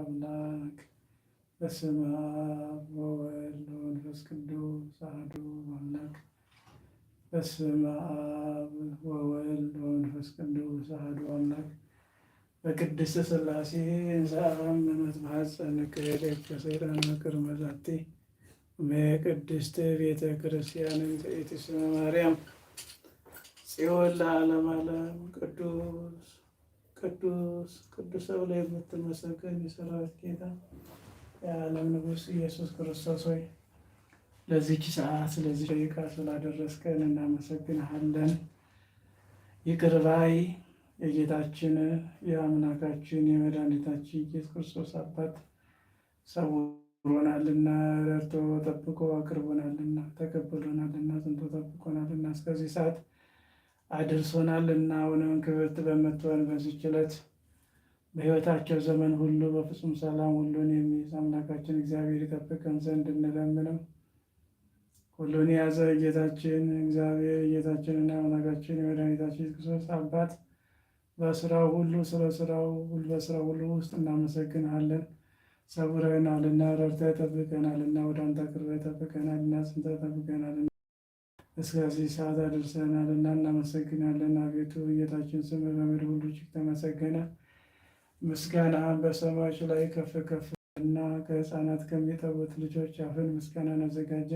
አምላክ በስመ አብ ወወልድ ወመንፈስ ቅዱስ አሐዱ አምላክ በስመ አብ ወወልድ ወመንፈስ ቅዱስ አሐዱ አምላክ በቅድስት ሥላሴ ክህደት ከሰይጣን ቤተ ክርስቲያን ትእትስመ ማርያም ጽዮን ለዓለም ዓለም ቅዱስ ቅዱስ ቅዱስ ተብለህ የምትመሰገን የሰራዊት ጌታ የዓለም ንጉሥ ኢየሱስ ክርስቶስ ሆይ ለዚች ሰዓት ስለዚህ ደቂቃ ስላደረስከን እናመሰግንሃለን። ይቅር ባይ የጌታችን የአምላካችን የመድኃኒታችን ኢየሱስ ክርስቶስ አባት ሰውሮናልና ረድቶ ጠብቆ አቅርቦናልና ተቀብሎናልና ጽንቶ ጠብቆናልና እስከዚህ ሰዓት አድርሶናል እና አሁንም ክብርት በምትሆን በዚህች ዕለት በሕይወታቸው ዘመን ሁሉ በፍጹም ሰላም ሁሉን የሚይዝ አምላካችን እግዚአብሔር ይጠብቀን ዘንድ እንለምንም። ሁሉን የያዘ ጌታችን እግዚአብሔር ጌታችንና አምላካችን የመድኃኒታችን ክርስቶስ አባት በስራው ሁሉ ስለ ስራው ሁሉ በስራው ሁሉ ውስጥ እናመሰግናለን። ሰውረህናልና፣ ረድተህ ጠብቀናልና፣ ወደ አንተ ቅርበህ ጠብቀናልና፣ ጽንተህ ጠብቀናልና እስከዚህ ሰዓት አድርሰናል እና እናመሰግናለን። አቤቱ የጌታችን ስም በምድር ሁሉ እጅግ ተመሰገነ። ምስጋና በሰማዮች ላይ ከፍ ከፍ እና ከህፃናት ከሚጠቡት ልጆች አፍን ምስጋና አዘጋጀ።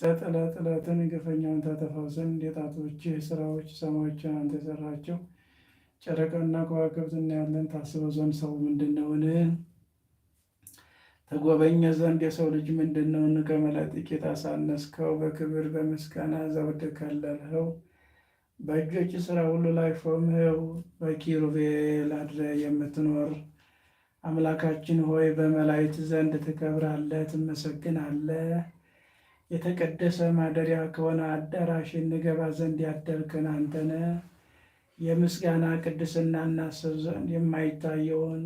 ሰጥለ ጥለትን ግፈኛውን ታተፋው ዘንድ የጣቶች ስራዎች ሰማዮችን አንተ የሰራቸው ጨረቃና ከዋክብት እናያለን ታስበው ዘንድ ሰው ምንድን ነውን? ተጎበኘ ዘንድ የሰው ልጅ ምንድን ነው? ንገመላ ጥቂት አሳነስከው፣ በክብር በምስጋና ዘውድ ከለልኸው። በእጆች ስራ ሁሉ ላይ ፎምኸው በኪሩቤል አድረ የምትኖር አምላካችን ሆይ በመላእክት ዘንድ ትከብራለህ፣ ትመሰግናለህ። የተቀደሰ ማደሪያ ከሆነ አዳራሽ እንገባ ዘንድ ያደልከን አንተነ የምስጋና ቅድስና እናስብ ዘንድ የማይታየውን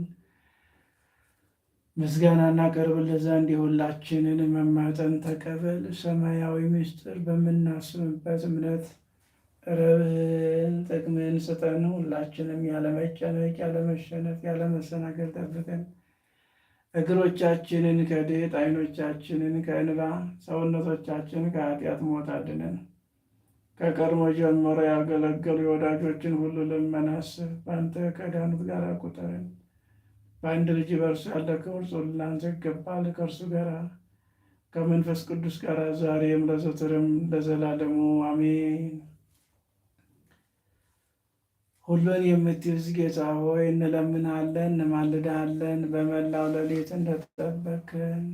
ምስጋናና ቀርብለት ዘንድ የሁላችንን መማጠን ተቀበል። ሰማያዊ ምስጢር በምናስብበት እምነት ረብህን ጥቅምን ስጠን። ሁላችንም ያለመጨነቅ ያለመሸነፍ ያለመሰናከል ጠብቀን። እግሮቻችንን ከድጥ አይኖቻችንን ከእንባ ሰውነቶቻችን ከኃጢአት ሞት አድነን። ከቀድሞ ጀምሮ ያገለገሉ የወዳጆችን ሁሉ ልመና አስብ። በአንተ ከዳኑት ጋር ቁጠርን። በአንድ ልጅ በእርሱ ያለ ክብር ሁሉ ላንተ ይገባል ከእርሱ ጋር ከመንፈስ ቅዱስ ጋር ዛሬም ለዘወትርም ለዘላለሙ አሜን። ሁሉን የምትይዝ ጌታ ሆይ እንለምናለን፣ እንማልዳለን። በመላው ሌሊት እንደተጠበክን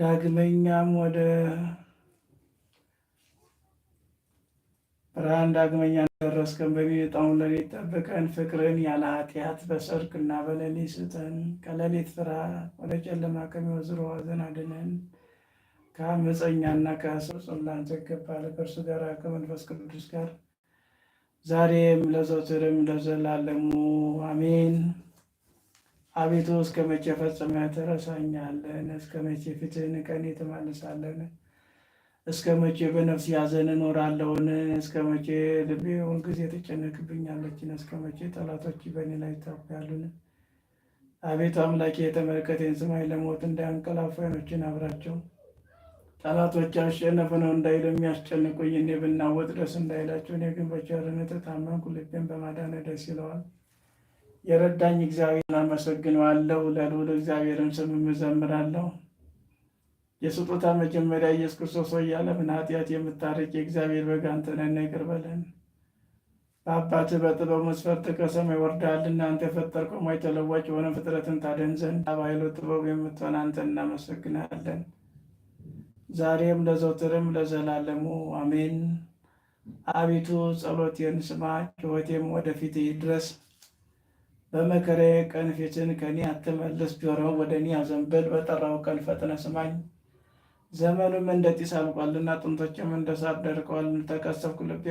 ዳግመኛም ወደ ብርሃን ዳግመኛ ደረስከን በሚመጣውን ለሌት ጠብቀን፣ ፍቅርን ያለ ኃጢአት በሰርክና በሌሊት ስጠን። ከሌሊት ፍርሃት ወደ ጨለማ ከሚወስድ ሐዘን አድነን። ከአመፀኛና ከአስር ጽላን ይገባል ከእርሱ ጋር ከመንፈስ ቅዱስ ጋር ዛሬም ለዘወትርም ለዘላለሙ አሜን። አቤቱ እስከ መቼ ፈጽመህ ትረሳኛለህ? እስከ መቼ ፊትህን ከእኔ ትመልሳለህ? እስከ መቼ በነፍስ ያዘን እኖራለሁን? እስከ መቼ ልቤ ሁል ጊዜ ትጨነቅብኛለችን? እስከ መቼ ጠላቶች በእኔ ላይ ይታበያሉን? አቤቱ አምላኬ የተመለከቴን ስማኝ፣ ለሞት እንዳያንቀላፉ ዓይኖችን አብራቸው። ጠላቶች አሸነፍ ነው እንዳይሉ የሚያስጨንቁኝ እኔ ብናወጥ ደስ እንዳይላቸው፣ እኔ ግን በቸርነት ታመንኩ፣ ልቤን በማዳነ ደስ ይለዋል። የረዳኝ እግዚአብሔርን አመሰግነዋለሁ፣ ለልዑል እግዚአብሔርም ስም እዘምራለሁ። የስጦታ መጀመሪያ ኢየሱስ ክርስቶስ ሆይ የዓለምን ኃጢአት የምታርቅ የእግዚአብሔር በግ አንተ ነህና ይቅር በለን። በአባትህ በጥበብ መስፈርት ከሰማይ ወርደሃልና አንተ የፈጠርከው ማይ ተለዋጭ የሆነ ፍጥረትን ታደን ዘንድ አባይሎ ጥበብ የምትሆን አንተ እናመሰግናለን። ዛሬም ለዘውትርም ለዘላለሙ አሜን። አቤቱ ጸሎቴን ስማ፣ ጩኸቴም ወደፊት ድረስ። በመከራዬ ቀን ፊትን ከኔ አትመልስ፣ ጆሮህን ወደ እኔ አዘንብል። በጠራው ቀን ፈጥነ ስማኝ። ዘመኑም እንደ ጢስ አልቋልና፣ አጥንቶቼም እንደ ሣር ደርቀዋል። ተቀሰፍኩ፣ ልቤ